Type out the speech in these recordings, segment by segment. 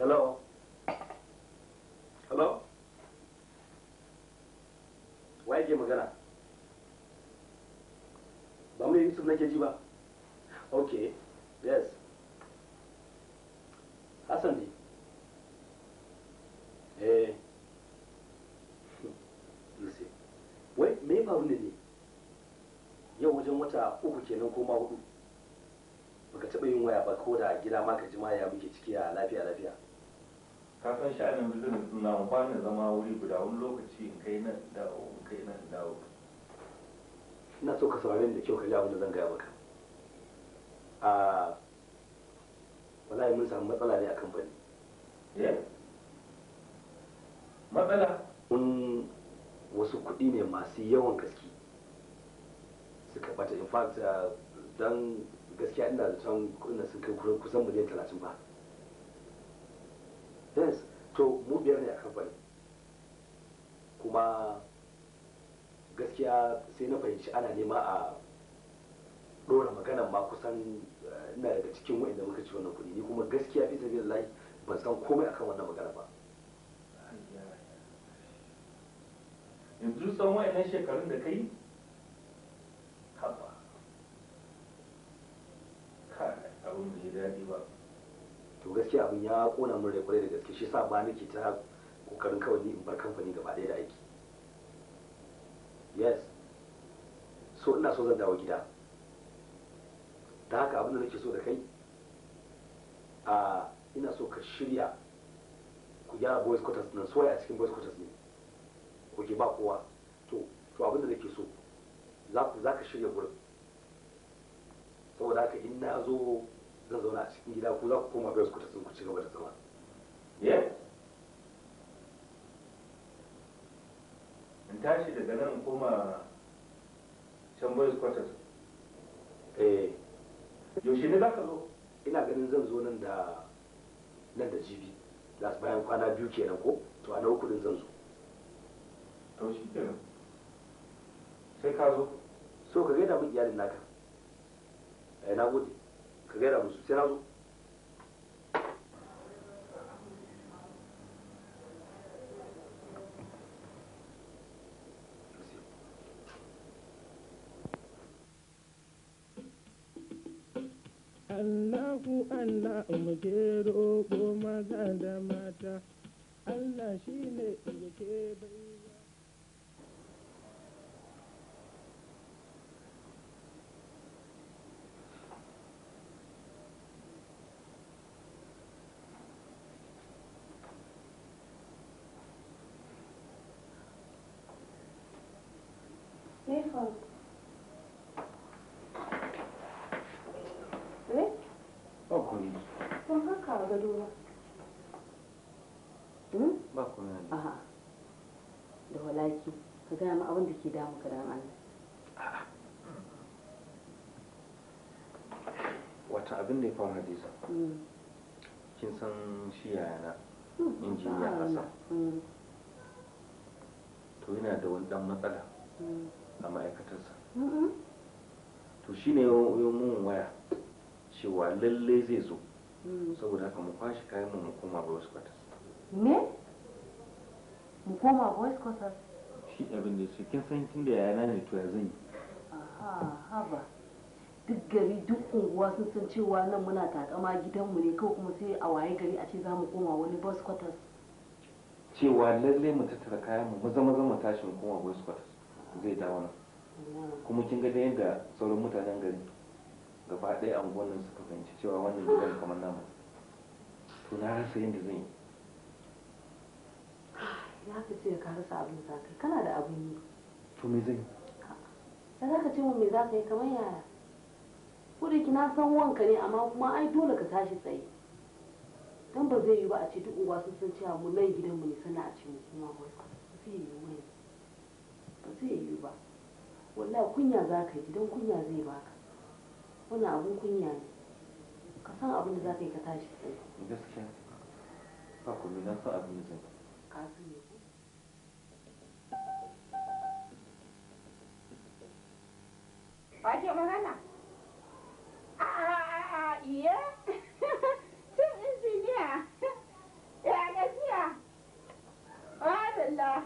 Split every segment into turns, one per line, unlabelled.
Hello? Hello? Why ke magana? Ba mu Yusuf nake ji ba? Okay, yes. Hassan ne? Eh. Lise. Wai, me ya faru ne ne? Yau wajen wata uku kenan ko ma hudu. Baka taɓa yin waya ba ko da gida ma ka ji ya buke ciki a lafiya ka san sha'anin business din na amfani zama wuri guda wani lokaci in kai nan dawo in kai nan dawo ina so ka saurare da kyau ka ji abin da zan gaya maka a ah, wallahi mun samu matsala ne a kamfani eh? matsala mun wasu kuɗi ne masu yawan gaske suka bata in fact ah, don gaskiya ina da can kuɗin sun kai kusan miliyan talatin ba sense to mu biyar ne a kamfani kuma gaskiya sai na fahimci ana nema a dora maganan ma kusan eh, ina daga cikin wa'inda muka ci wannan kuɗi ni kuma gaskiya fi sabi lai ban san komai akan wannan magana ba yanzu tsawon wa'annan shekarun da kai haba abin da ya daɗi to gaskiya abin ya kona min rai kwarai da gaske shi sa ba nake ta kokarin kawai in bar kamfani gaba ɗaya da aiki yes so ina so zan dawo gida ta haka abin da nake so da kai a ina so ka shirya ku gyara boys quarters nan so a cikin boys quarters ne ku ke ba kowa to to abin da nake so za ka shirya gurin saboda haka in na zo zan zauna a cikin gida ko za ku koma gas ta sun ku ci gaba da zama ye in tashi daga nan koma can boys quarters eh yaushe ne za ka zo ina ganin zan zo nan da nan da jibi las bayan kwana biyu kenan ko to a na uku zan zo to shi kenan sai ka zo so ka gaida min iyalin naka eh na gode ka gaida musu sai na zo
Allahu Allah muke roƙo maza da mata, Allah shi ne ke bai komai ban
ne aha da walaki ka gaya mu abin da ke damu ka dan
Allah wata
abin da ya faru Hadiza, hmm. kin san shi yayana hmm. injiniya Hassan hmm. to yana da wani dan matsala a ma'aikatarsa to shine yau mun waya cewa lalle zai zo hmm. saboda haka mu kwashi kayan mu mu koma boys quarters me mu koma boys quarters shi abin da su, kin san kin da yana ne to yanzu zan yi aha haba duk gari duk unguwa sun san cewa nan muna takama gidanmu ne kawai kuma sai a waye gari a ce za mu koma wani boys quarters cewa lalle mu tattara kayan mu mu zama-zama tashi mu koma boys quarters zai dawo nan kuma kin ga da yadda sauran mutanen gari gaba ɗaya anguwan nan suka fahimci cewa wannan gidan kamar namu to na rasa yadda zan yi ya fi ce ka rasa abin za ka kana da abin yi to me zan yi da za ka ce mu me za ka yi kamar yaya ko da ki na san wanka ne amma kuma ai dole ka tashi tsaye dan ba zai yi ba a ce duk uwa sun san cewa mu nan gidan mu ne sana a ce mu kuma ba zai yi wani ba zai yi ba wallahi kunya za ka yi gidan kunya zai baka wani abun kunya ne
ka san abin da za ka yi ka tashi gaskiya ba ku na san abin da zai ka su ne ku
ba
ke magana a a a a iya tun injiniya
ya gajiya
madalla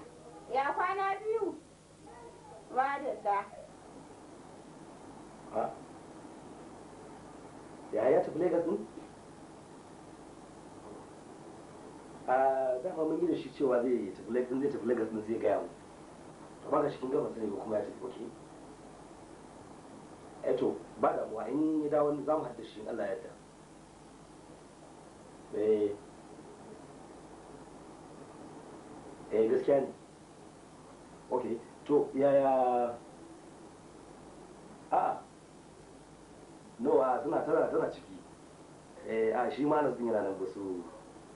ya kwana biyu madalla yaya ya tafi lagos din a dama mun yi da shi cewa zai tafi lagos zai tafi lagos din zai gaya mu to ba ka cikin kin gaba sai kuma ya tafi okay eto ba da mu in ya dawo za mu haddace shi Allah ya yarda eh eh gaskiya ne okay to yaya a'a nowa suna tana tana ciki eh a shi ma nasu yana nan ba su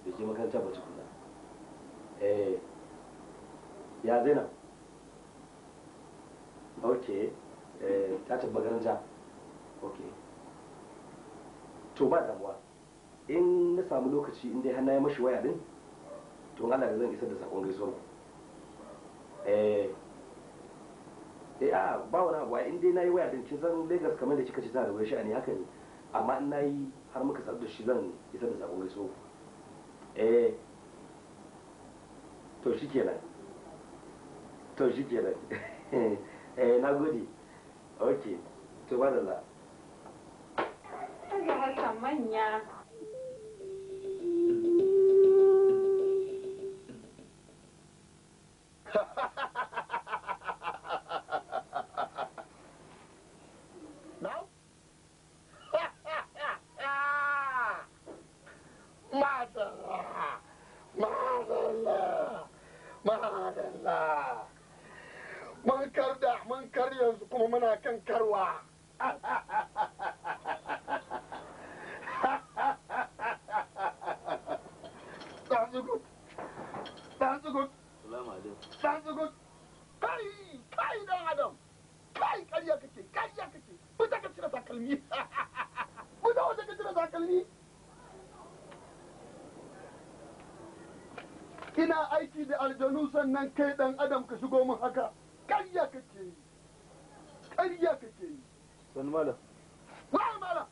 da ke makarantar ba tukuna eh ya zainab ok eh ta tabba garanta ok to ba damuwa in na samu lokaci in dai hannu ya mashi waya din to Allah zan isar da sakon gaisuwar eh eh a ah, ba wani abu in dai nayi waya din kin san Lagos kamar da kika ci tana da wani sha'ani haka ne amma in nayi har muka sadu da shi zan isa da sakon gaiso eh to shikenan to shikenan eh na gode okay to ba da la manya aljanu sannan kai dan adam ka shigo min haka ƙarya kake yi ƙarya kake yi wani mala wani mala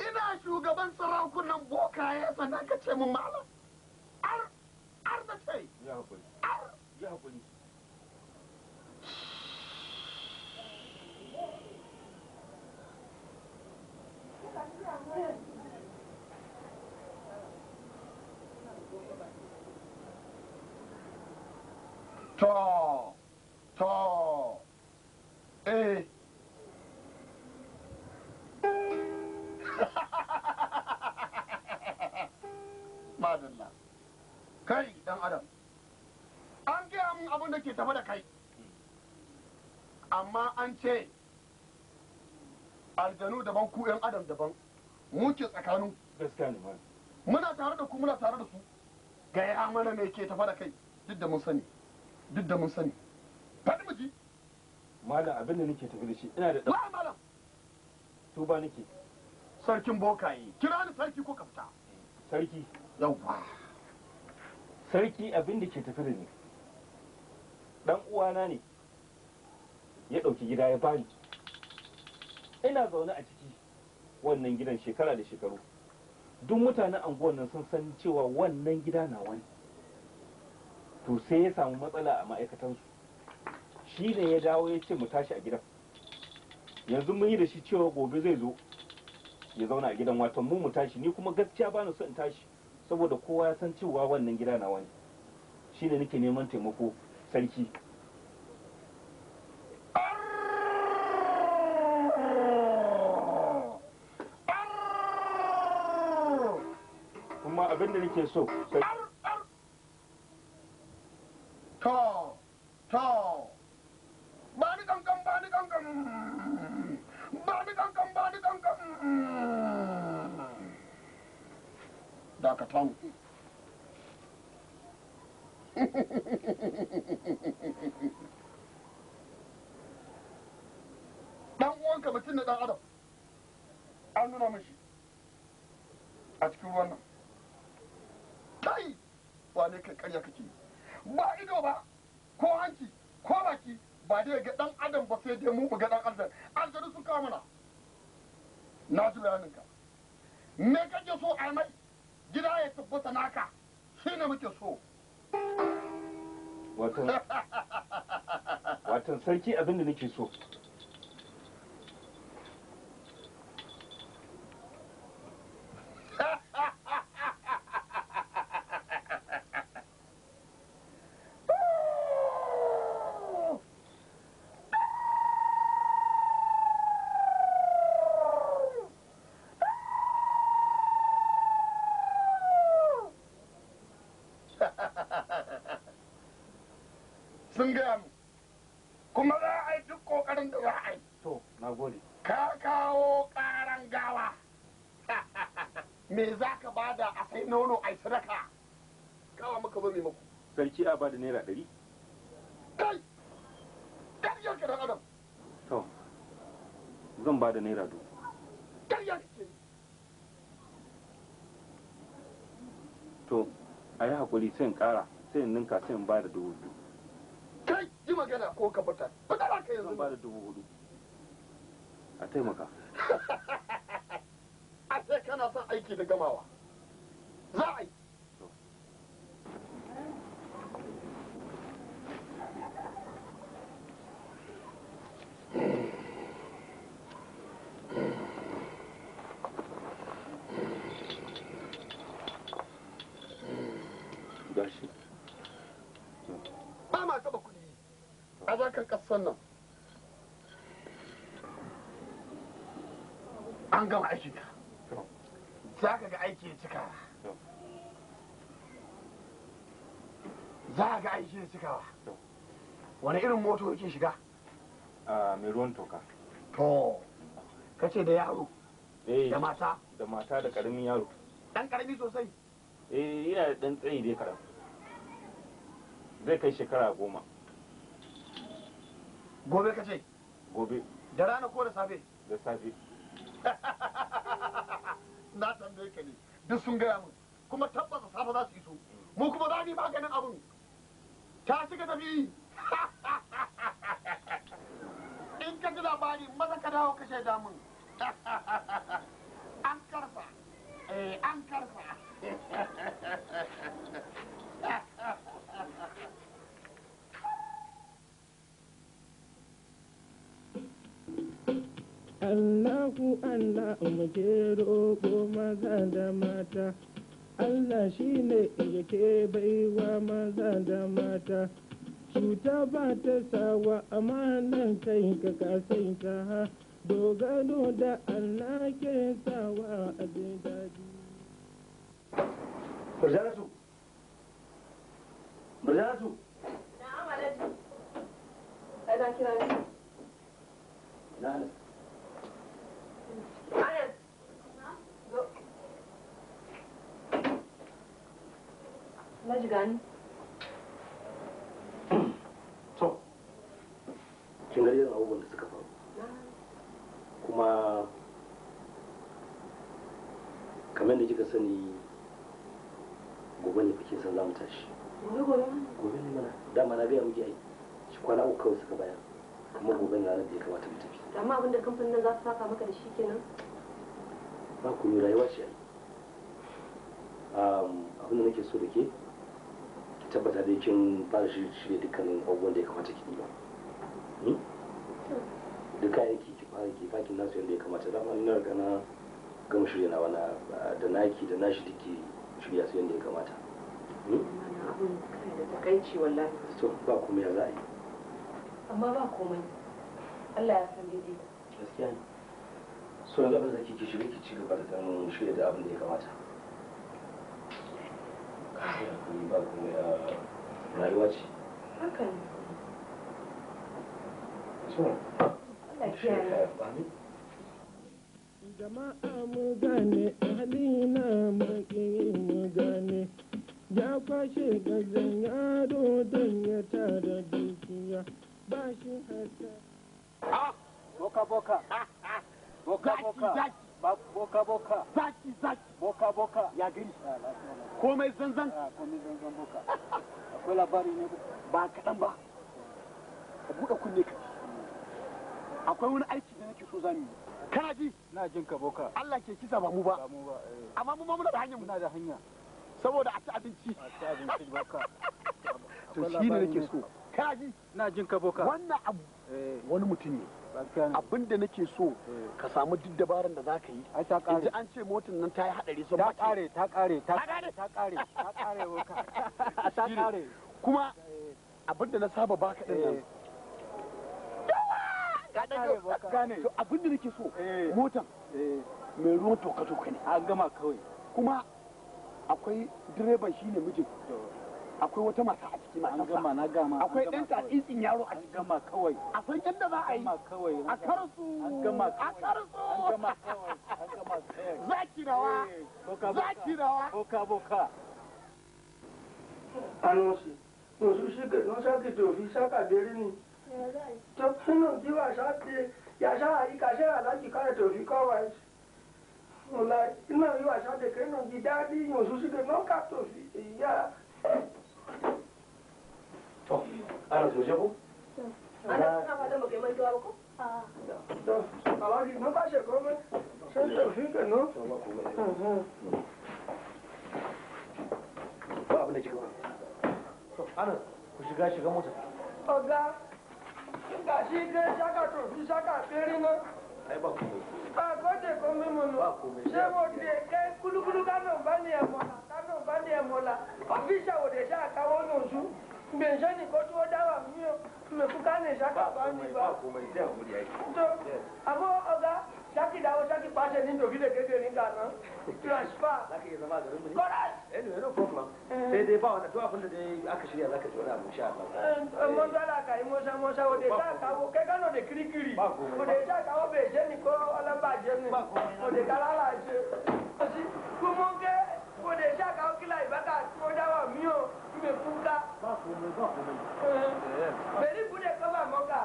ina shugaban sarakunan ya sannan ka ce min malam
to to eh
madalla kai dan adam an gaya mun abin da ke tafa da kai amma an ce aljanu daban ku yan adam daban muke tsakanin gaskiya ne muna tare da ku muna tare da su gaya mana me ke tafa da kai duk da mun sani duk da mun sani faɗi miji malam abin da nake tafi da shi ina da ɗan malam tuba nake sarkin bokaye kira ni sarki ko ka fita sarki yawwa sarki abin da ke tafi da ni dan uwana ne ya ɗauki gida ya bani ina zaune a ciki wannan gidan shekara da shekaru duk mutanen anguwan nan sun san cewa wannan gida na wani to sai ya samu matsala a ma'aikatansu shi ne ya dawo ya ce mu tashi a gidan yanzu mun yi da shi cewa gobe zai zo ya zauna a gidan watan mu mu tashi ni kuma gaskiya ba ni so in tashi saboda kowa ya san cewa wannan gida na wani shi ne nake neman taimako sarki kuma abin da nake so sarki mutum na dan adam an nuna mashi a cikin ruwan nan kai ba ne kai karya kake ba ido ba ko hanci ko baki ba dai ga dan adam ba sai dai mu ga dan adam aljanu sun kawo mana na ji ka me kake so a mai gida ya tabbata naka shine muke so watan sarki abinda nake so a yi hakuri sai in ƙara sai in ninka sai in ba da dubu biyu kai yi magana ko ka bata bata ba ka yanzu ba da dubu hudu a taimaka a sai kana son aiki da gamawa za a yi haka ƙasar nan an gama aiki ka za ka ga aiki ya cika za ka ga aiki ya cikawa wani irin moto yake shiga ah, mai ruwan toka to ka ce da yaro eh, da mata da mata da karamin yaro dan karami sosai eh yana da dan tsayi dai karam zai kai shekara goma gobe ka ce gobe da rana ko da safe da safe na tambaye ka ne duk sun gaya min kuma tabbata safe za su iso mu kuma za mu maganin abin ta shiga tafi in ka ji labari maza ka dawo ka shaida min
an karfa eh, an karfa
Allahu Allah muke roƙo maza da mata Allah shi ne yake baiwa maza da mata cuta ba ta sawa amanan kai ka kasaita ha dogaro da Allah ke sawa a
daji. gani to kin ga irin abubuwan da suka faru kuma kamar da kika sani gobe ne bikin san zamu tashi
gobe
ne mana dama na gaya muke ai shi kwana uku kawai suka bayar kuma gobe ne ranar da ya kamata mu tafi amma abinda kamfanin nan za su saka maka da shi kenan ba ku yi rayuwa ce ai abinda nake so da ke tabbata dai kin fara shirye dukkanin abubuwan da ya kamata ki ba hmm? duk kayayyaki ki fara ki fakin nasu yadda ya kamata dama na riga na gama shirya na wani da naki da nashi duke shirya su yadda ya kamata hmm? to ba komai za a yi amma ba komai Allah ya san daidai gaskiya ne so yanzu abin da kike shirya ki ci gaba da ganin shirya da abin da ya kamata rayuwa ce
jama'a
mu gane halina maƙi mu gane ya kwashe gajen yaro don ya tara dukiya ba shi
boka boka boka boka boka boka zaki zaki boka boka ya gari
ah, komai
zanzan ah, komai zanzan boka akwai labari ne ba kaɗan ba A buɗe kunne ka akwai wani aiki da nake so za mu yi kana ji na jin ka boka Allah ke kisa ba mu ba eh. amma mu ma muna da hanya muna da hanya saboda a ci abinci a ci abinci boka to shi ne nake so kaji na jin ka boka wannan abu eh. wani mutum ne abin da nake so eh. ka samu duk dabaran da zaka yi ai ta kare an ce motar nan ta yi hadari sun ta kare ta kare ta kare ta kare ta kare boka ta kare kuma abin da na saba baka din nan eh. gane to abin da nake so motan mai ruwan toka-toka ne an gama kawai kuma akwai direban shine mijin akwai wata mata a ciki mata gama na gama akwai ɗan ta tsitsin yaro a cikin gama kawai akwai san yadda za a yi a karsu a
karsu an gama kawai an gama kawai
zaki rawa zaki eh, rawa boka boka anosi yanzu shi ga don sha ke eh, tofi sha ka bere ni ta hannun jiwa sha ke ya sa a yi ka sai alhaji kare tofi kawai ina yi wasa da kai nan gida daɗi yanzu shi ga don ka tofi eh, ya to ana so ana fata mu kai mantuwa ko to komai no ba abin da kika ba ana ku shiga shiga mota oga ga shi dai shaka to shi shaka ba ko de ko min mun se mo de ke kulukulu ka no ba ni emo la o de sa ka no su mbe se ni ko o mbe ku ka ne sa ka ba ni ba to amo ọ̀gá saki dawo saki paṣẹ ni dogi de kekere ni kana transfer sai eh, dai eh, ba wani duk abin da dai aka shirya zaka ji wani abu sha Allah eh, mun zala ka yi musa musa wa dai ta kawo kai kano da kirikiri ko dai ta kawo bai je ni ko alan ba je ni ko dai kalala je kasi kuma ke ko dai ta kawo kila ibaka ko dawa miyo me kuka
ba ko me ba ko me beri
bude ko ba moka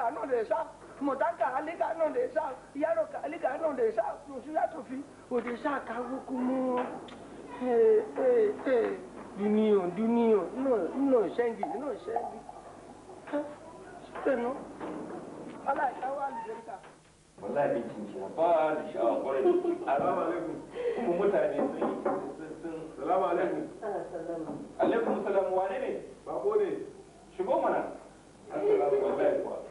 aliga no de sa motaka aliga no de sa yaro ka aliga no de sa no si ya to fi o de sa ka wo ku mo
eh eh eh
dunio dunio no no sengi no sengi siteno ala ka wa alberta wallahi bin kin kina ba da sha'awa kwarai assalamu alaikum kuma mutane sun yi salamu alaikum alaikum salam wane ne bako ne shigo mana assalamu alaikum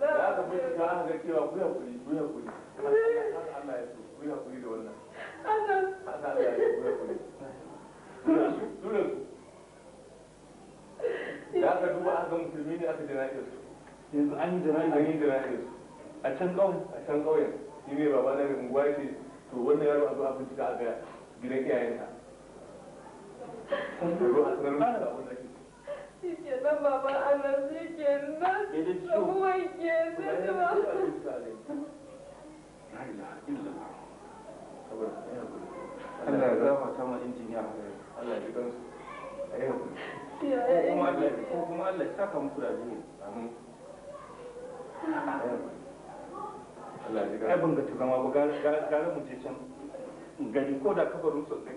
da aka bincika aka cewa ku hakuri ku hakuri Allah ya so ku hakuri da wannan haka Allah ya ku hakuri dole su da aka duba aka musulmi ne aka jana'i su yanzu an yi jana'i an yi jana'i su a can ƙauyen a can ƙauyen shi ne baba na da unguwa ce to wannan yaro a zo a bincika ga gidan iyayensa. a sanar da
baba Allah shike nan. Kuma Allah ya zama sama injiniya Allah ya Ko kuma Allah ya saka muku da biyu. Amin.
Allah ya gansu. Ai ban ga ba ga mu je can. Gari ko da kabarin sosai.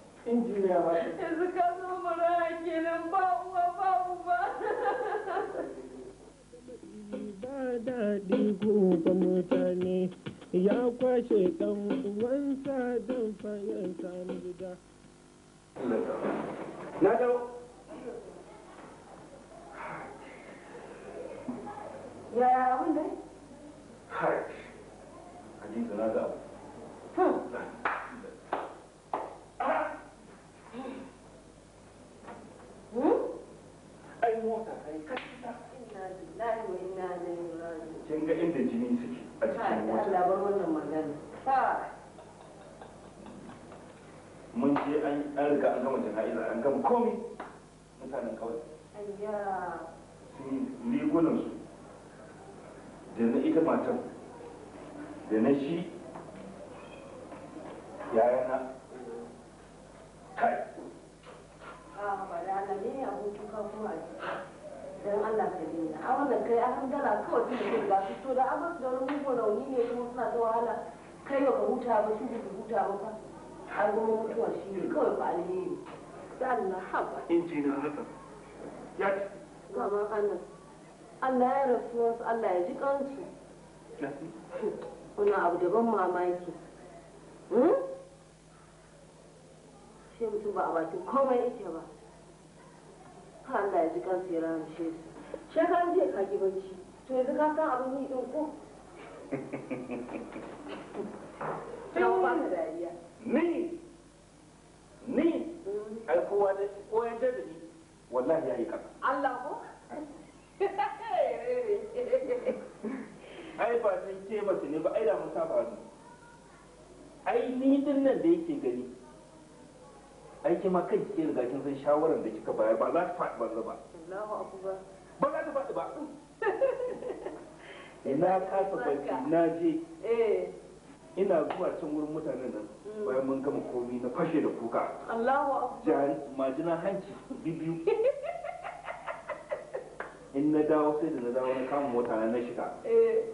injiniya ba yanzu
ka zo mara kenan ba uwa ba
uba ba ya kwashe ɗan uwansa don fayan sami gida na dawo yaya abin dai?
hajji na riga an gama jana'iza an gama komi mutanen kawai
sun
ligunansu da na ita matan da na shi yayana
kai ah,
don Allah ka daina a wannan kai an dala kawai tun da riga su to da an basu da wani mugun rauni ne kuma suna ta wahala kai ba ka huta ba su ba huta ba har mutuwa shi ne kawai fa ne. da na haba
inji na haka
ya ci mama anan Allah ya rasu wasu Allah ya ji kansu wani abu ban mamaki sai mutum ba a bakin komai yake ba ka Allah ya ji kansu ya rahamshe su shekaran jiya ka gibanci to yanzu ka san abin yi ko ni ni ai kowa da ko ya da ni wallahi yi kaza Allah ko ai ba sai ce mace ne ba ai da mun saba ni ai ni din nan da yake gani ai ke ma kai ke riga kin san shawaran da kika bayar ba za ta faɗi banza ba Allahu akbar ba za ta faɗi ba ina kasa barci na je eh ina zuwa can wurin mutanen nan mm. bayan mun gama komi na fashe da kuka majina hanci bibiyu in na dawo sai da na dawo na kama mota na shiga eh,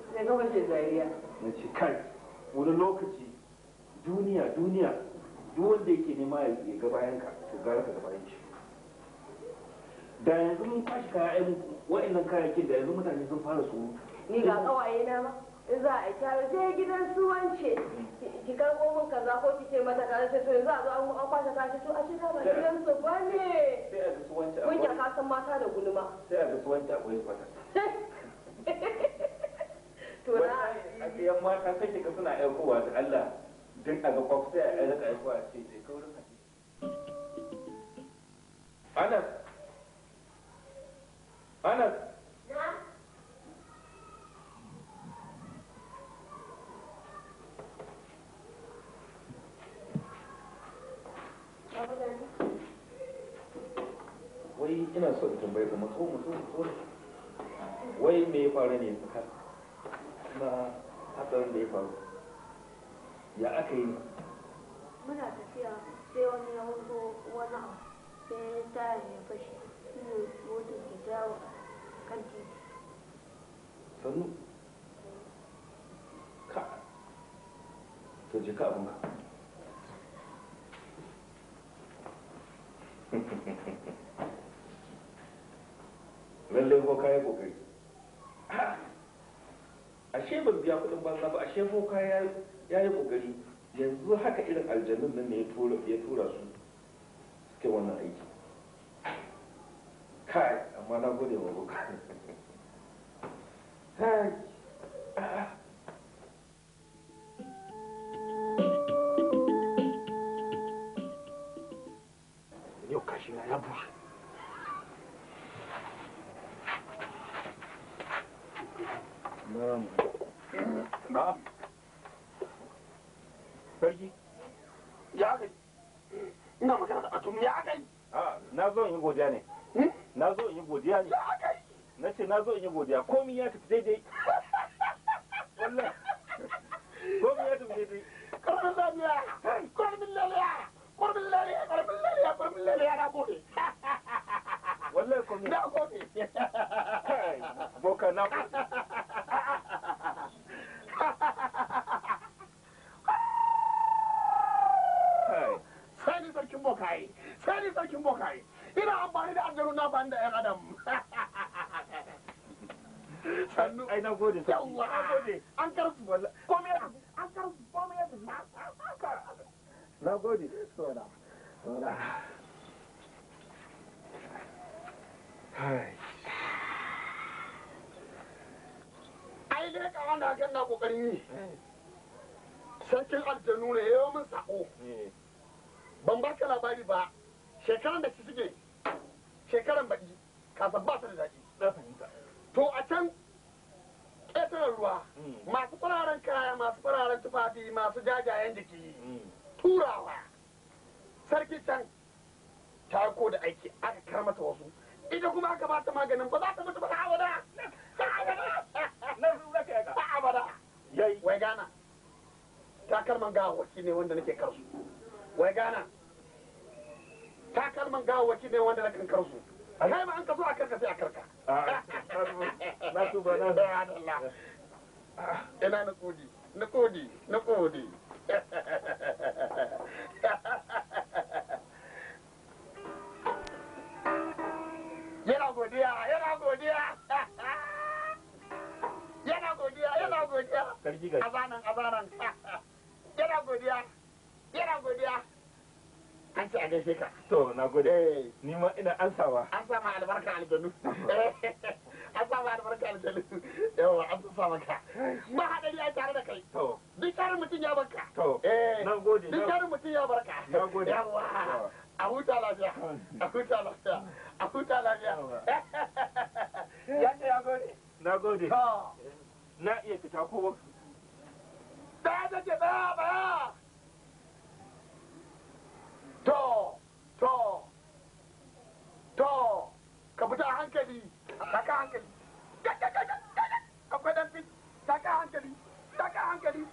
na ce kai wani lokaci duniya duniya duk wanda yake nema ya ga bayan ka to gara ka ga bayan shi da yanzu mun tashi kaya ai wa'annan kayayyakin da yanzu mutane sun fara su ni ga kawaye na ma za a kyara sai je gidan su wance ki karɓo min kaza ko ki ce mata kaza sai to yanzu a zo an kwashe kashi to a ce ba gidan su ba ne kun ya kasan mata da gulma sai a ga su wance akwai kwata
to na
a ga yan mata sai kika suna aikowa da Allah din a ga kwaf sai a rika aikowa ce je kaurin Anas Anas wai ina so in tambaye ku matso matso matso wai me ya faru ne tsaka na hatsarin da ya faru ya aka yi muna tafiya sai wani ya wuzo wani abu sai ya tara ya fashe shi ne motar ke jawo kan titi sannu ka to je ka abinka
Thank you. lallai ko
kayi kokari ashe ban biya kudin banza ba ashe ko kaya ya yi kokari yanzu haka irin aljanun nan ne ya tura su suke wannan aiki kai amma na gode wa boka categoria kokarin ne sarkin aljannu ne yayin min sako ban baka labari ba shekaran da ci suke shekaran baɗi kasa ba wai gana takalman gawawaki ne wanda na kankar su kai ma an ka zo a karka sai a karka na su ba na ina na kodi na kodi na kodi yana godiya yana godiya yana godiya yana godiya A a zanen yana godiya yana godiya an a gaishe ka to na gode ni ma ina an sawa an sama albarka aljanu an sama albarka aljanu yawa an sa maka ba tare da kai to duk mutum ya barka to eh. na gode duk mutum ya barka na gode yawa a huta lafiya a huta lafiya a huta lafiya ya ya gode na gode na iya fita ko ba da da da to to to ka fita hankali saka hankali akwai dan fit saka hankali
saka hankali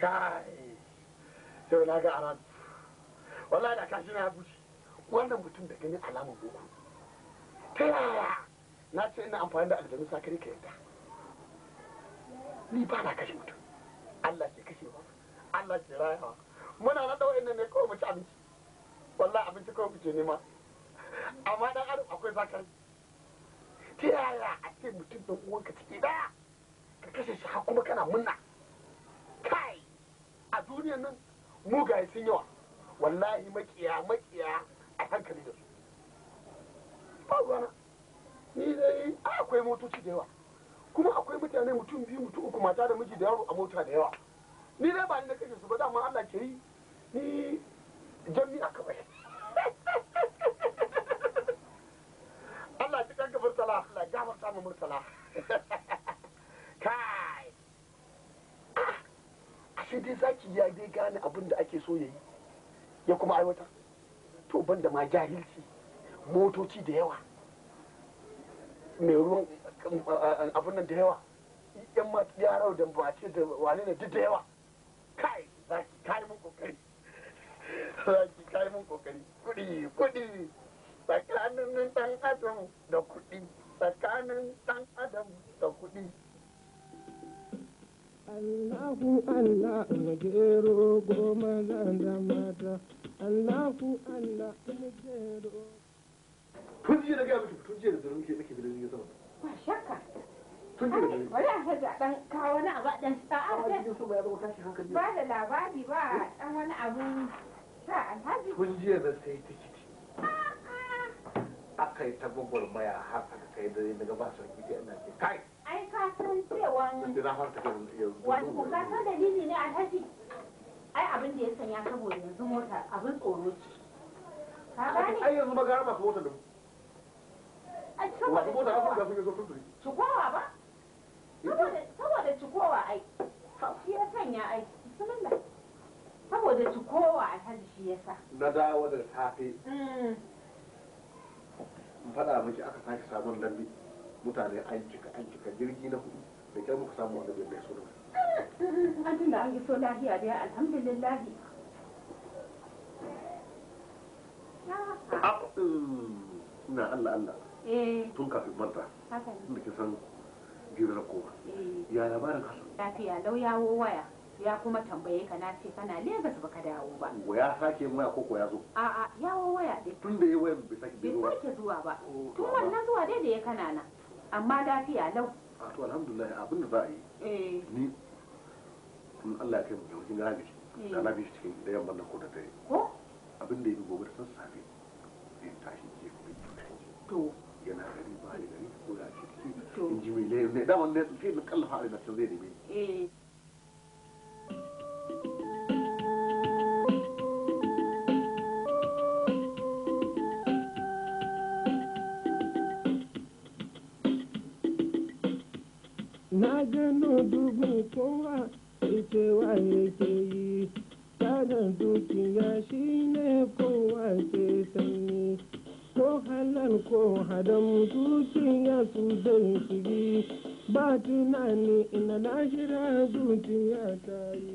kai. yau na ga aradu wallahi da kashi na buci wannan mutum da gani alamun boko ta yaya na ce ina amfani da aljanu sakari ka yadda ni ba na kashe mutum Allah ke kashe ba Allah ke rayawa muna na dawo inda ne kawai mu ci abinci wallahi abinci kawai ne nema amma dan adam akwai zakari ta yaya a ce mutum dan uwanka ciki ɗaya ka kashe shi har kuma kana munna kai a duniyar nan mugaye sun yawa wallahi makiya makiya a hankali da su ba ni dai akwai motoci da yawa kuma akwai mutane mutum biyu mutum uku mata da miji da yaro a mota da yawa ni dai ba ni na kashe su ba dama Allah ke yi ni jami a kawai Allah ji kan murtala, la Allah gafarta mu mursala ka sai dai zaki ya dai gane abin da ake so ya yi ya kuma aiwata to ban da ma jahilci motoci da yawa mai ruwan eh, abin nan da yawa yan ma yara da ba ce da wani ne duk da yawa kai zaki kai mun kokari zaki kai mun kokari kudi kudi tsakanin dan adam da kudi tsakanin dan adam da kudi
Allahu Allah muke roƙo maza da mata Allahu Allah
muke roƙo
tun jiya da gaya miki tun jiya da zanen ke nake gidan jirgin sama ba shakka tun jiya da gaya. bari a kawo wani abu sa'a ba da labari ba dan wani abu sa alhaji tun jiya da sai tikiti aka yi ta gwagwarmaya har aka kai da daga ba su ana ce kai ai ka san cewa wani ku ka dalili ne alhaji ai abin da ya sanya saboda yanzu mota abin tsoro ce ka gane ai yanzu magana masu mota da
a cikin wata mota an
fuka sun yi sun turi cikowa ba eh. saboda cikowa ai shi ya sanya ai bismillah saboda cikowa alhaji shi ya sa na dawo da safe mm. in faɗa miki aka sake sabon lambi. mutane an cika an cika jirgi na hudu da kyar muka samu wanda bai so da an tun da an so lahiya alhamdulillah ah, mm, eh. eh. ya labarin lafiya lau waya ya kuma tambaye ka na ce kana Legas baka dawo ba. Wa ya sake maya koko ya zo? A'a yawo waya dai. Tun da ya waya Bai sake zuwa ba. Oh, tun wannan zuwa dai da ya kana na. amma lafiya lau a to alhamdulillah abin da za a yi eh. ni kun Allah ya kai mu yau kin gane shi eh. da na bishi cikin da yamma na ko da dare ko abin da yi gobe da sassafe zai tashi yi ku to yana gari ba gari ko ya shi in ji mai ne Dama ne fiye da kallafa a rinatsa zai nemi eh
na gano dubin kowa cewa yake yi tsarin dukiya shi ne kowa ke sanyi ko halal ko hadam dukiya su zai shigi ba tunani ina na shira dukiya
ta yi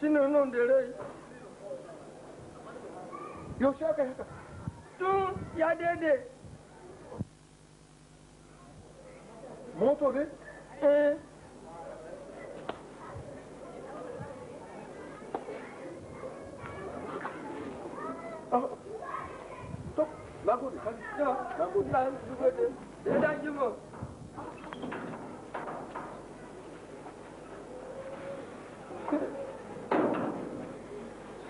shine nan da rai yaushe aka haka tun ya daidai moto ne? eh ah. Thank you.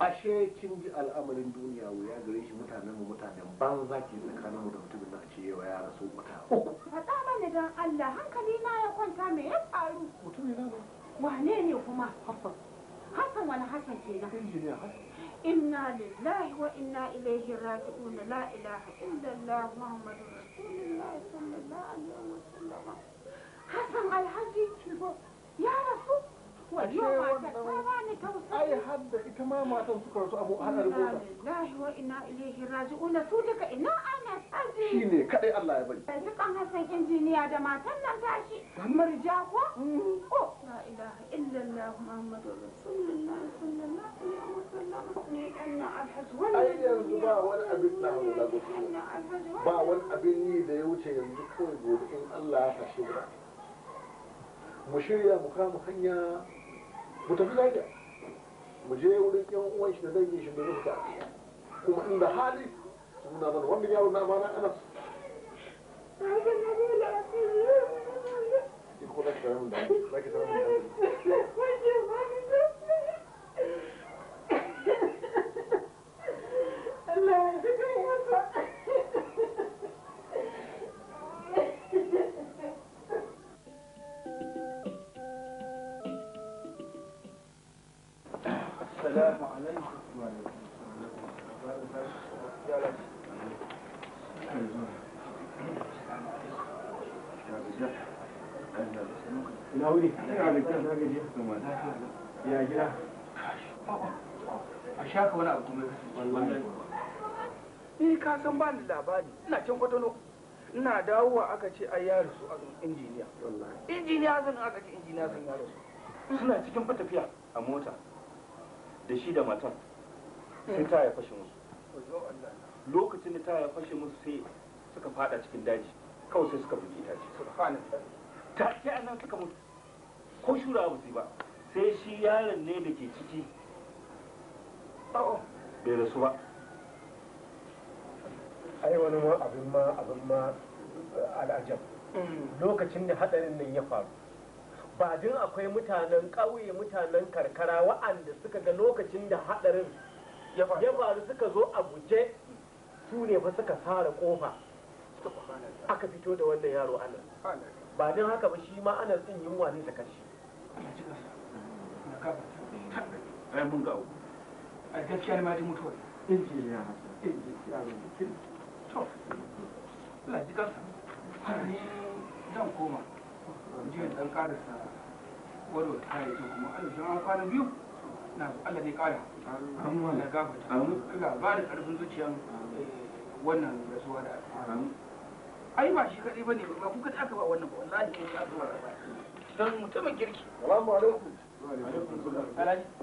ashe kin ji al'amarin duniya wuya gare shi mutanen mu mutanen banza ke tsakanin mu da mutumin na ce yawa ya rasu mata uku faɗa mana dan Allah hankali na ya kwanta me ya faru mutum ne ba wane ne kuma Hassan hasan wani hasan ke na injiniya Hassan inna lillahi wa inna ilaihi raji'un la ilaha illa Allah Muhammadur rasulullah sallallahu alaihi wa sallam Alhaji ya rasu har da ita ma matan suka ana rubuta lahi wa ina su duka ina ana tsaji shine kadai Allah ya bari yanzu kan injiniya da matan nan tashi kamar jago mm. oh la ilaha illallah
muhammadur rasulullah sallallahu alaihi wasallam ne anna alhaj wannan yanzu ba wani abin da ba
wani abin da ya wuce yanzu kawai gobe in Allah ya tashi mu shirya mu kama hanya mu tafi lafiya mu je wurin yan uwan shi da zai yi shi da zai tafiya kuma inda hali suna mana wannan yaro na amana anas
Allah ya
السلام عليكم ina wuri a shaka wani abu kuma ni ka san ba ni labari ina can kwatano ina dawowa aka ce a ya su a injiniya injiniya zan aka ce injiniya zan ya su. suna cikin tafiya a mota da shi da matan sai hmm. ta ya fashe musu lokacin da ta ya fashe musu sai suka fada cikin daji kawai sai suka buge daji ta ce nan suka mutu ko shura ba su ba sai shi yaron ne da ke ciki oh. bai rasu ba ai wani abin ma abin ma eh, al'ajab hmm. lokacin da hadarin nan ya faru ba jin akwai mutanen ƙauye mutanen karkara waɗanda suka ga lokacin da haɗarin ya faru suka zo a guje su ne fa suka ƙofa kofa aka fito da wannan yaro anan ba jin haka ba shi ma ana ɗin yunwa ne da kashi ne zan koma jiya dan karasa wadda ta yi kuma an kwana biyu na Allah kara Allah gafata Allah ba da karfin zuciyan eh, wannan rasuwa da ai ba shi kadai bane ba kuka ba wannan ba wallahi ne ya zuwa dan mutumin kirki alaikum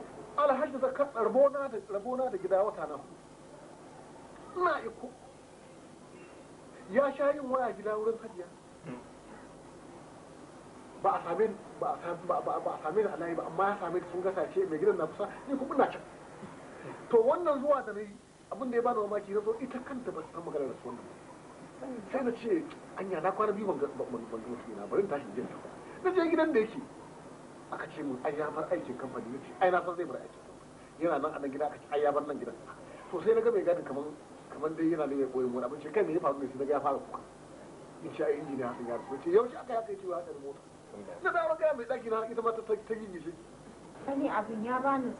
alhaji zakar rabona da gida wata nan ina iko ya sha yin waya gida wurin hajiya ba a same ba a same da alayi ba amma ya same sun gasa ce mai gidan na kusa ni kuma na can to wannan zuwa da na yi abin da ya bada mamaki na zo ita kanta ba san magana da su wannan sai na ce anya na kwana biyu ban ga ban ga na bari tashi jin ta na je gidan da yake aka ce mun ai ya bar aikin kamfani ya ce ai na san zai bar aikin kamfani yana nan a nan gida aka ce ai ya bar nan gidan to sai na ga mai gadin kaman kaman dai yana da koyon wani abin kai me ya faru ne sai daga ya fara kuka in ce ai injiniya sun ya rasu ce yau shi aka yaka ya ce wa hadarin mota na dawo gaya mai ɗaki na ita ma ta ta yi shi sani abin ya bani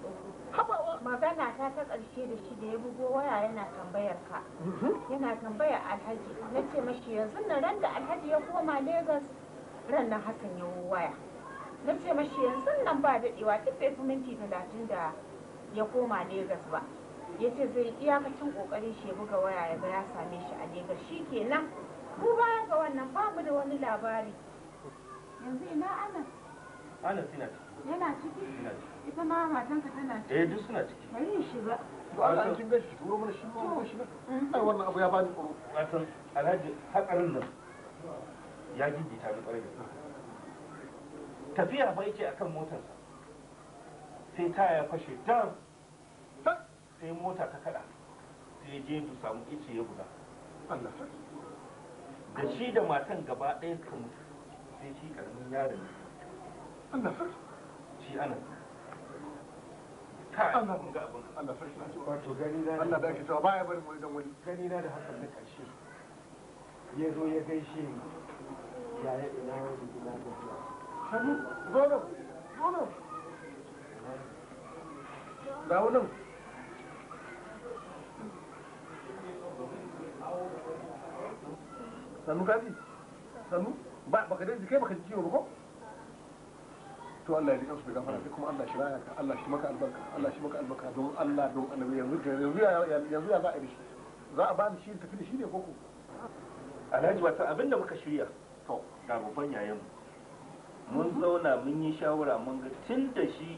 tsoro magana ta ta ƙarshe da shi da ya bugo waya yana tambayar ka mm-hmm. yana tambayar alhaji na ce mashi yanzu na ran da alhaji ya koma Legas ran na hakan ya waya na ce mashi yanzu nan ba daɗewa duk bai fi minti talatin da ya koma Legas ba ya ce zai iyakacin ƙoƙari shi ya buga waya ya ga ya same shi a Legas shi ke nan ko baya ga wannan babu da wani labari yanzu ina anan anan tana ciki yana ciki ita ma matanka tana ciki eh duk suna ciki bari ba. ba Allah an kinga shi turo mana shi ma mu shiga mm. ai wannan abu ya bani tsoro watan alhaji hakarin nan ya ta ni kwarai da tafiya ba yake akan motarsa sai ta ya fashe dan sai mota ta kada sai je su samu ice ya guda da shi da matan gaba ɗaya suka mutu sai shi karamin yaron ne shi ana ta ana ga abin Allah wato gani na Allah da ake tawa baya bari wani dan wani gani na da hakan na karshe ya zo ya gaishe ya ya ina wani gida da zo nan zo sannu kaji ba baka dai kai baka ji ciwo ba ko to Allah ya ji kansu da gafara kuma Allah shi raya ka Allah shi maka albarka Allah shi maka albarka don Allah don annabi yanzu yanzu yanzu ya za a yi shi za a ba shi tafi da shi ne koko alhaji wata abinda muka shirya to ga babban yayan mu mun zauna mun yi shawara mun ga tun da shi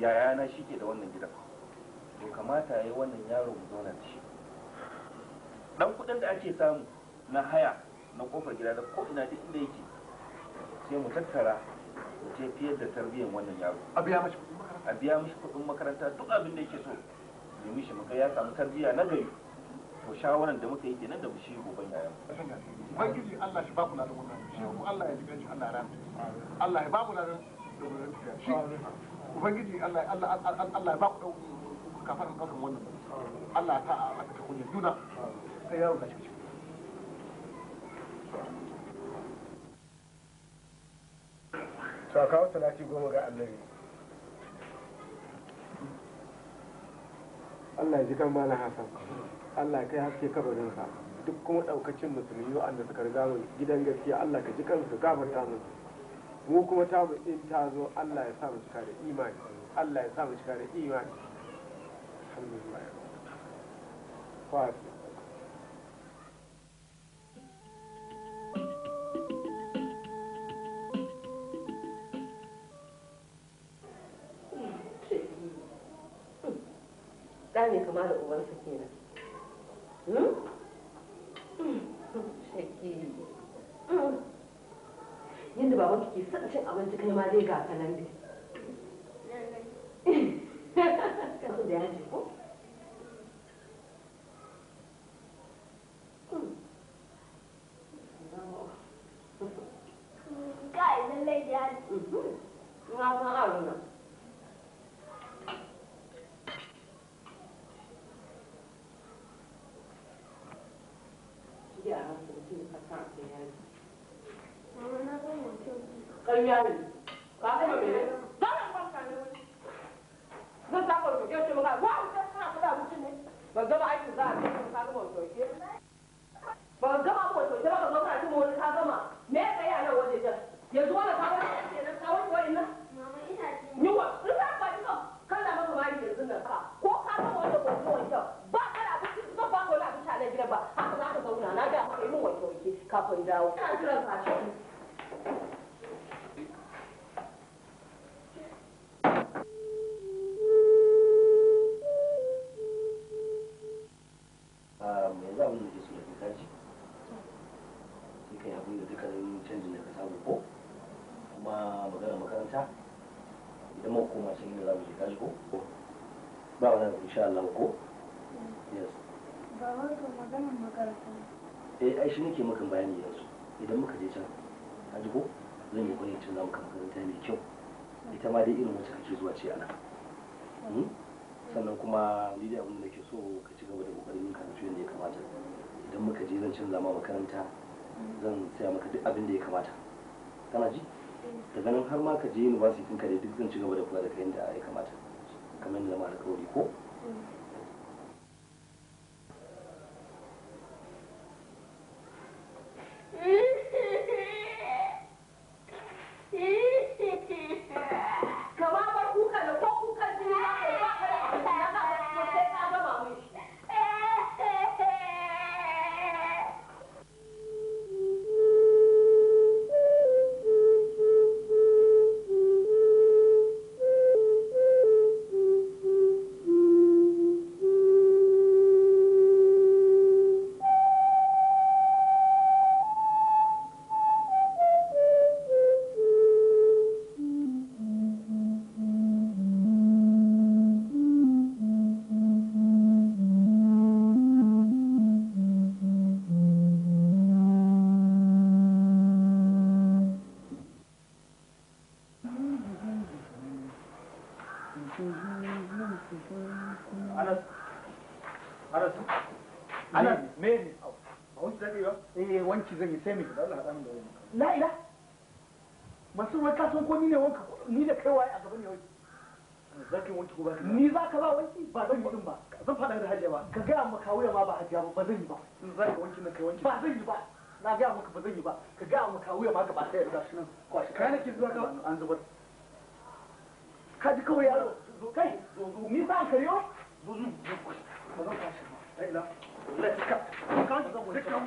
yayana shi ke da wannan gidan to kamata ya yi wannan yaro mu zauna da shi dan kudin da ake samu na haya na kofar gida da ko ina duk inda yake sai mu tattara mu je fiye da tarbiyyar wannan yaro a biya mishi kudin makaranta a biya mishi kudin makaranta duk abin da yake so mu mishi mu ga ya samu tarbiyya na gari to shawaran da muka yi kenan da bishi shi uban yayan ubangiji Allah shi ba ku ladan wannan shi ko Allah ya ji ganci Allah ran Allah ya ba mu ladan shi ubangiji Allah Allah Allah ya ba ku kafaran kasan wannan Allah ta a ta kunya duna sai yaro ka shi to kawo talati goma ga annabi Allah ji kan malam Hassan Allah kai haske kabarin sa duk kuma daukacin musulmi wanda suka riga mu gidan gaskiya Allah ka ji su gafarta mu mu kuma ta mu in ta zo Allah ya sa mu cika da imani Allah ya sa mu cika da imani alhamdulillah kama da ubansa kenan yadda baban ke cin abinci kai ma dai ga kanan bi ƙarya ka ba da ba zauna na kafin da dukkanin canjin da ka samu ko kuma magana makaranta idan mu koma can inda za mu je ka ko ba wani insha Allah ko yes
ba wani magana makaranta
eh ai shi nake maka bayani yanzu idan muka je can ka ji ko zan yi kwanin cin zamu kama makaranta mai kyau ita ma dai irin wacce kake zuwa ce ana hmm? sannan kuma ni dai abin da ke so ka ci gaba da kokarin karatu yadda ya kamata idan muka je zan canza ma makaranta zan saya maka duk abin da ya kamata kana ji daga nan har ma ka je university ka dai duk zan ci gaba da kula da kayan da ya kamata kamar da zama alƙawari ko da mi taimaki da Allah haɗa da wani la ila masu wata sun san ko ni ne wanka ni da kai waye a gaban ne wai zaki wanki ko ba ni za ka ba wanki ba zan yi din ba zan fada da hajiya ba ka ga amma kawuya ma ba hajiya ba ba zan yi ba in za ka wanki na kai wanki ba zan yi ba na ga maka ba zan yi ba ka ga maka wuya ma gaba ɗaya ga shi nan kwashi kai nake zuwa ka an zubar ka ji kawai yaro zo kai ni sa ka riyo zo zo
ba zan kwashi ba ila
lafiya ka ka zan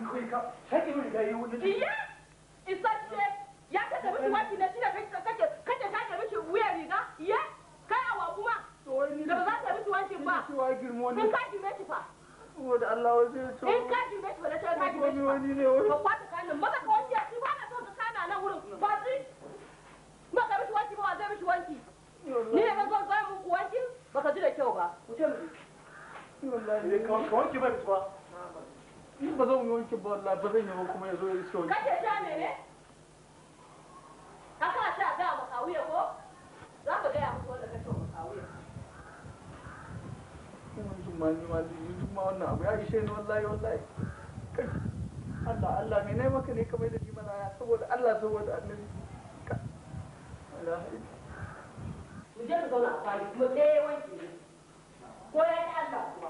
mun kawai ka sake mun ya ka da miki waki na shine kake kake kake ka da miki wuya riga iya kai awa kuma da ba za ka miki waki ba kun ka jime shi fa saboda Allah wasu to in ka jime shi ba da ka jime shi wani ne wani ba ta kana maza ka wanke shi ba na so ka kana nan wurin ba tsi ba ka miki waki ba ba zai miki wanki ni ne ka zo zai muku wanki baka ji da kyau ba ba ni ba zan yi wankin ba wallahi ba zan yi ba kuma ya zo ya iske wani kake ta ne ne ka kana sha ga makawiya ko za ka ya musu wanda ka ce makawuya ma ni ma ni ma wannan abu ya ishe ni wallahi wallahi Allah Allah me nayi maka ne kamar da jimala ya saboda Allah saboda annabi
mu je mu zauna a kwari kuma ɗaya wanki
ko ya ki Allah kuma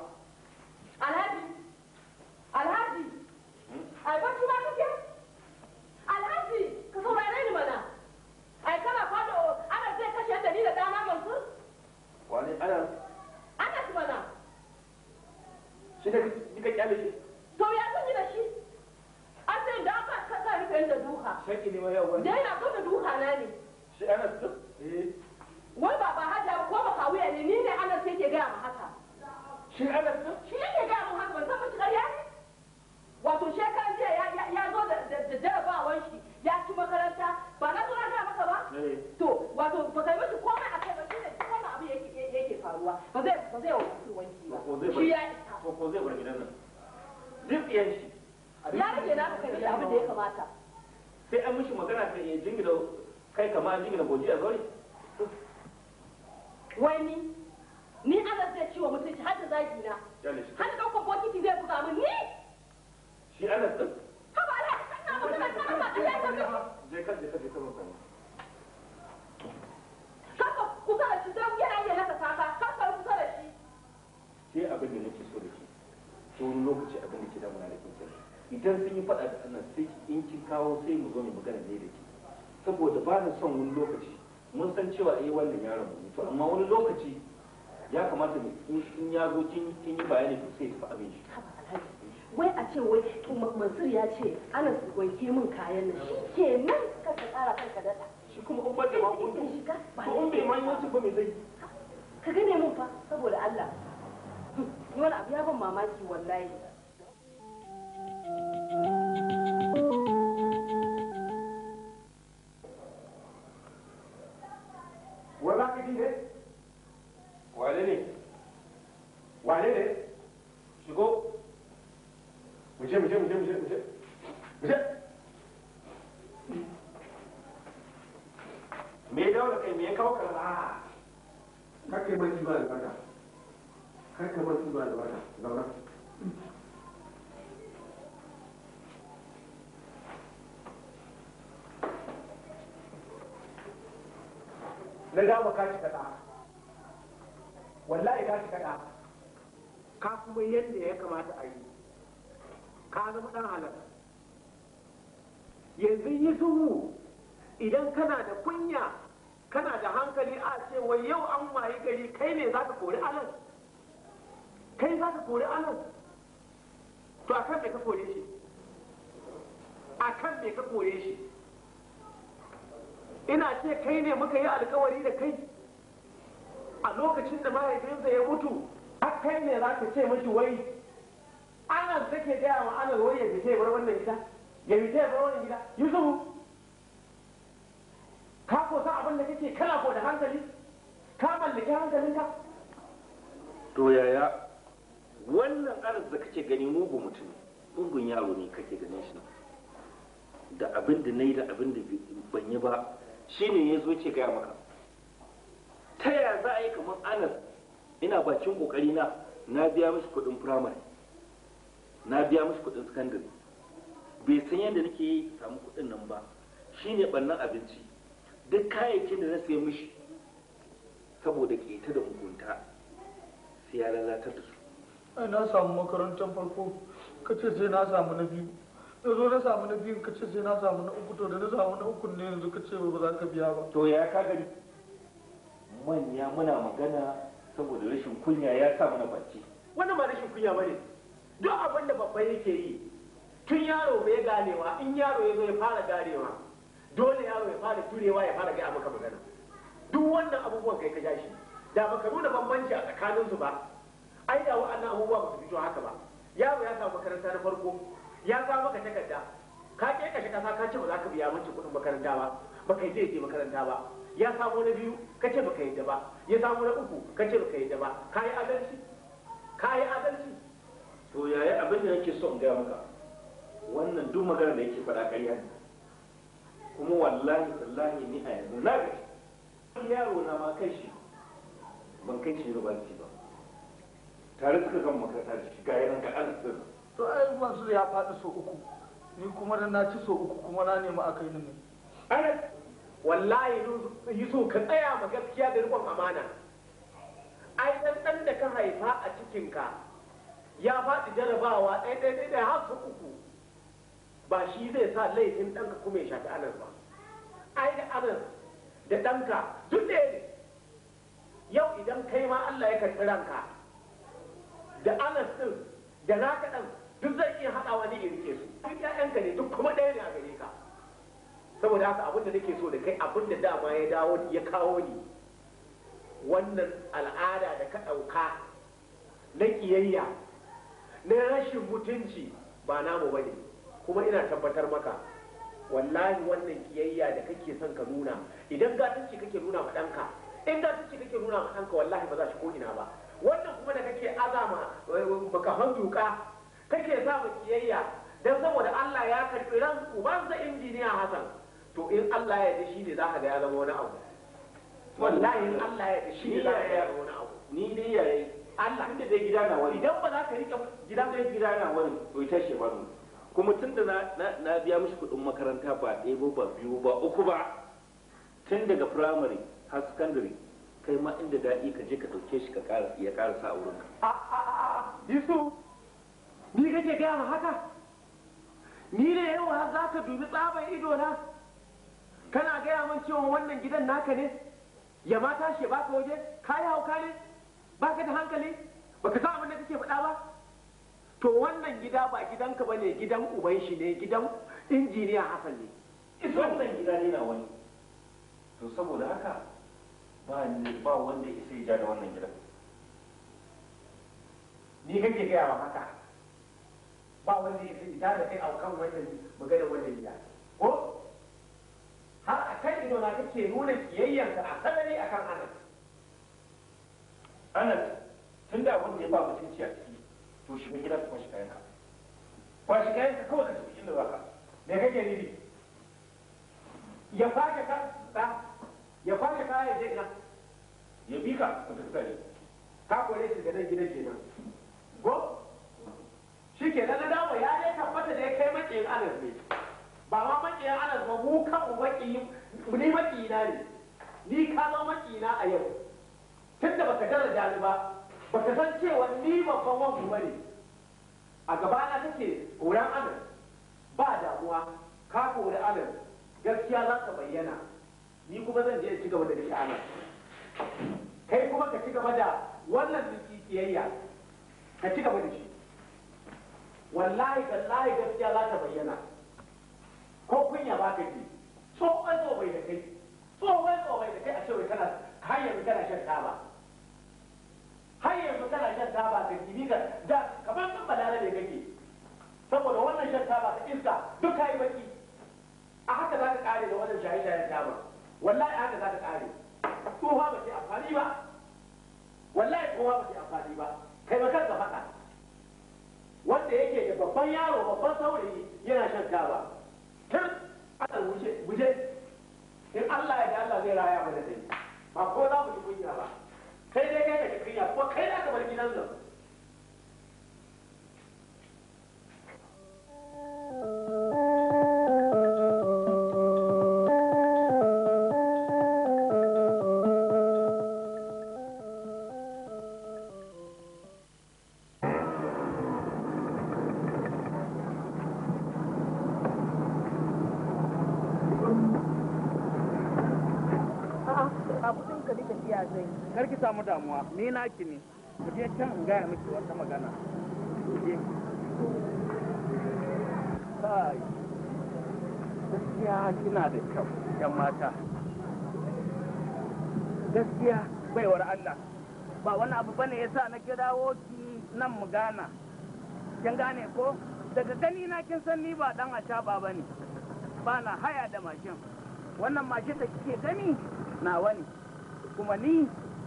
alhaji son wani lokaci mun san cewa eh wannan ya rabu to amma wani lokaci ya kamata ne in ya zo kin yi bayani to sai fa abin shi wai a ce wai mansur ya ce ana wanke min kayan nan shi ke nan ka tsara kanka da shi kuma in bada ma kun to in bai man yasu ba me zai ka gane mun fa saboda Allah ni wani abu ya ban mamaki wallahi भी है na dama ka shi kaɗa wallahi ka shi kaɗa ka kuma yadda ya kamata a yi ka zama ɗan halar yanzu yi suhu idan kana da kunya kana da hankali a ce wai yau an wayi gari kai ne za ka kori alan kai za ka kori alan to a kan me ka kore shi a kan me ka kore shi ina ce kai ne muka yi alkawari da kai a lokacin da mahaifinsa ya mutu a kai ne za ka ce mashi wai anan take gaya wa anan wai ya fita ya bar wannan gida ya fita ya bar wannan gida yusufu ka ko sa abin da kake kana ko da hankali ka mallaki hankalinka to yaya wannan arziki da kake gani mugu mutum mugun yaro ne kake ganin shi da abin da na yi da abin da ban yi ba shine ya zo ce gaya maka ta yaya za a yi kamar anas ina bakin kokari na na biya mashi kudin firamare na biya mashi kudin sakandare bai san yadda nake yi samu kudin nan ba shi ne bannan abinci duk kayayyakin da na sayi mishi saboda ta da mugunta sai ya lalatar da su na samu makarantar farko kace sai na samu na biyu da zo na samu na biyun ka ce sai na samu na uku to da na samu na uku ne yanzu ka ce ba za ka biya ba to ya ka gani manya muna magana saboda rashin kunya ya sa mana bacci wannan rashin kunya bane duk abin da babba yake yi tun yaro bai ganewa in yaro ya zo ya fara ganewa dole yaro ya fara turewa ya fara gaya maka magana duk wannan abubuwan kai ka ja shi da baka nuna bambanci a tsakaninsu ba ai da wa'annan abubuwa ba su fito haka ba yaro ya samu makaranta na farko ya za maka takarda ka ke kashe kasa ka ce ba za ka biya mace kuɗin makaranta ba ba kai zai je makaranta ba ya samu na biyu ka ce baka yadda ba ya samu na uku ka ce baka yadda ba ka yi adalci ka yi adalci to yaya abin da nake so in gaya maka wannan duk magana da yake faɗa ƙarya ne kuma wallahi wallahi ni a yanzu na gaji yaro na ma kai shi ban kai shi university ba tare suka gama makaranta shi ga yaran ka an
to ai masu
ya faɗi so uku ni kuma da na ci so uku kuma na nemi a kai ne wallahi wallahi yusuf ka tsaya ma gaskiya da rikon amana ai ɗan da ka haifa a cikinka ya faɗi jarabawa ɗaya ɗaya ɗaya har so uku ba shi zai sa laifin ɗanka kuma ya shafi anas ba ai da anas da ɗanka duk da ne yau idan kai ma allah ya karɓi ranka da anas ɗin da naka ɗan duk zai iya haɗawa wani ya rike su duk ƴaƴanka ne duk kuma ɗaya ne a gare ka saboda haka abin da nake so da kai abin da dama ya dawo ya kawo ni wannan al'ada da ka ɗauka na ƙiyayya na rashin mutunci ba namu ba ne. kuma ina tabbatar maka wallahi wannan ƙiyayya da kake son ka nuna idan gatunci kake nuna ma ɗanka in gatunci kake nuna ma ɗanka wallahi ba za shi ko ina ba wannan kuma da kake azama eh, baka hanzuka kake sa mu kiyayya dan saboda Allah ya karbi ran ubansa injiniya Hassan to in Allah ya ji shi ne za ka ga ya zama wani abu wallahi in Allah ya ji shi ne za ka ga ya zama wani abu ni dai yayi Allah inda dai gida na wani idan ba za ka rika gida dai gida na wani to ita ce ba kuma tun da na biya mishi kuɗin makaranta ba ɗaya ba biyu ba uku ba tun daga firamare har sakandare kai ma inda daɗi ka je ka ɗauke shi ka ya ƙarasa a wurinka. Yusuf ni kake gaya ma haka ni da yawa za ka dubi tsaban ido na kana gaya min cewa wannan gidan naka ne ya ma tashi ba ka waje ka yi hauka ne ba ka da hankali ba ka san abin da kake faɗa ba to wannan gida ba gidanka ba ne gidan uban shi ne gidan injiniya hasan ne wannan gida ne na wani to saboda haka ba wanda isa ya ja da wannan gidan ni kake gaya wa haka ba wanda ya fi da kai a kan wannan maganar wannan gida ko har a kan ido na kake nuna kiyayyanka a sanani akan anas anas tun da wanda ya ba mutunci a ciki to shiga gida ka kawai ka tafi inda za ka me kake nufi ya kwashe ka ya kwashe ka ya je ina ya bi ka ka tafi ka kore shi da nan gidan kenan ko. shi ke nan dawo ya dai tabbata da ya kai makiyin anas ne ba ma makiyin anas ba mu kan makiyi ni makiyina ne ni ka zo makiyina a yau tunda baka dara ni ba baka san cewa ni babban mu bane a gaba na kake koran anas ba damuwa ka kori anas gaskiya za ka bayyana ni kuma zan je ci gaba da rike anas kai kuma ka ci gaba da wannan biki ka ci gaba da shi wallahi layi gaskiya za ta bayyana ko kunya ba ka ji tsohon tsohon da kai tsohon tsohon da kai a cewa kana har yanzu kana shan taba har yanzu kana shan taba da ji ka da kamar kan balala ne kake saboda wannan shan taba ta iska duk yi baki a haka za ka kare da wannan shaye-shayen taba wallahi a haka za ka kare tsoha ba ce amfani ba wallahi tsoha ba ce amfani ba kai ba kanka faɗa wanda yake da babban yaro babban saurayi yana shan taba tun ana wuce in Allah ya ji Allah zai raya mana dai ba ko za mu yi kunya ba kai dai kai ka kunya ko kai za ka bar gidan nan ni na ki ne je can in gaya miki wata magana kai gaskiya kina da kyau yan mata gaskiya baiwar Allah ba wani abu bane yasa na kirawo ki nan mu gana kin gane ko daga gani na kin san ni ba dan ba bane ba na haya da mashin wannan mashin da kike gani nawa ne kuma ni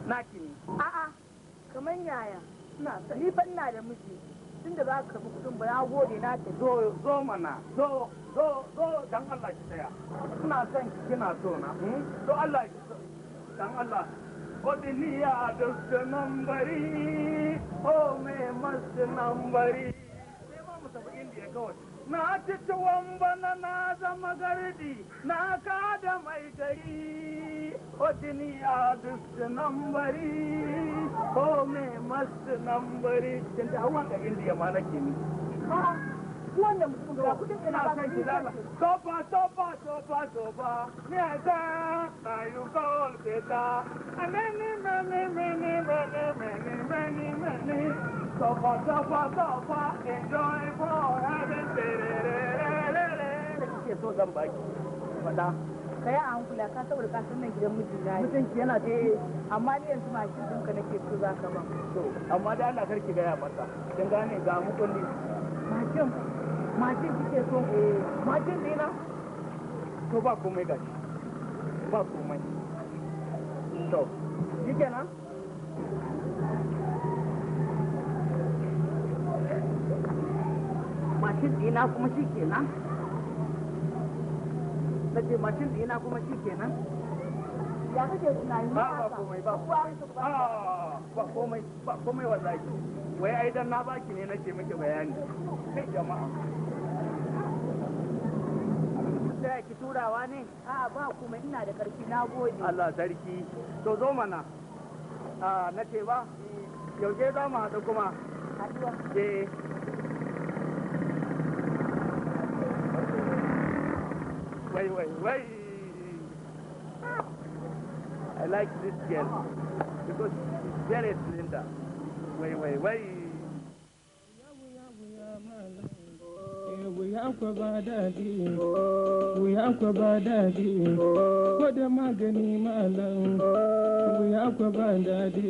naki ne a'a kamar yaya ina ni fanna da miji tun da ba ka bi kudin ba na gode na ta zo zo mana zo zo zo dan Allah ki tsaya ina son ki kina so na hmm? to Allah ki dan Allah o duniya da bari, o me mas nambari sai ma kawai na ci tuwon bana na zama gardi na kada mai gari ओ याद नंबरी ओ me मस्त नंबरी kin da का India indiya के नी wannan mutum ga shi ta ayu anani mani mani mani mani mani mani sofa, sofa, enjoy for ka yi a hankula ka saboda ka san nan gidan miji na mutunci yana ce eh, amma ni yanzu mashin ɗinka nake so za ka ba to amma da Allah karki gaya masa kin gane ga mu kulli mashin mashin kike so eh. mashin dina to ba komai gashi ba komai to shikenan mashin dina kuma shi kenan. na ce mashin ina kuma shi kenan ya kake tunani ba ba komai ba ba ah, ba komai ba komai wa wallahi wai ai dan na baki ne nake miki bayani kai jama'a Sai ki turawa ne a ba kuma ina da karfi na gode Allah sarki to zo mana a ah, na ce ba ke za mu haɗu kuma haɗuwa eh wait, wait, wait. I like this girl because she's very slender. Wait, wait, wait. Wai
wai wai. Wuya kwa ba daɗi, wuya kwa ba daɗi, ko da magani We have a bad daɗi.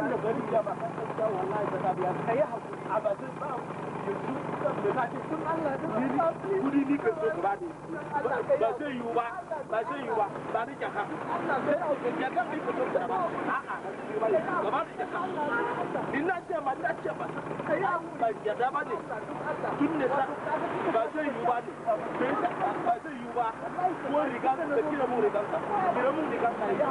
kudi
ni kan so ba ne ba zai yiwu ba ba yiwu ba
ba ba a'a ba ba ba ba yiwu ba ba yiwu ba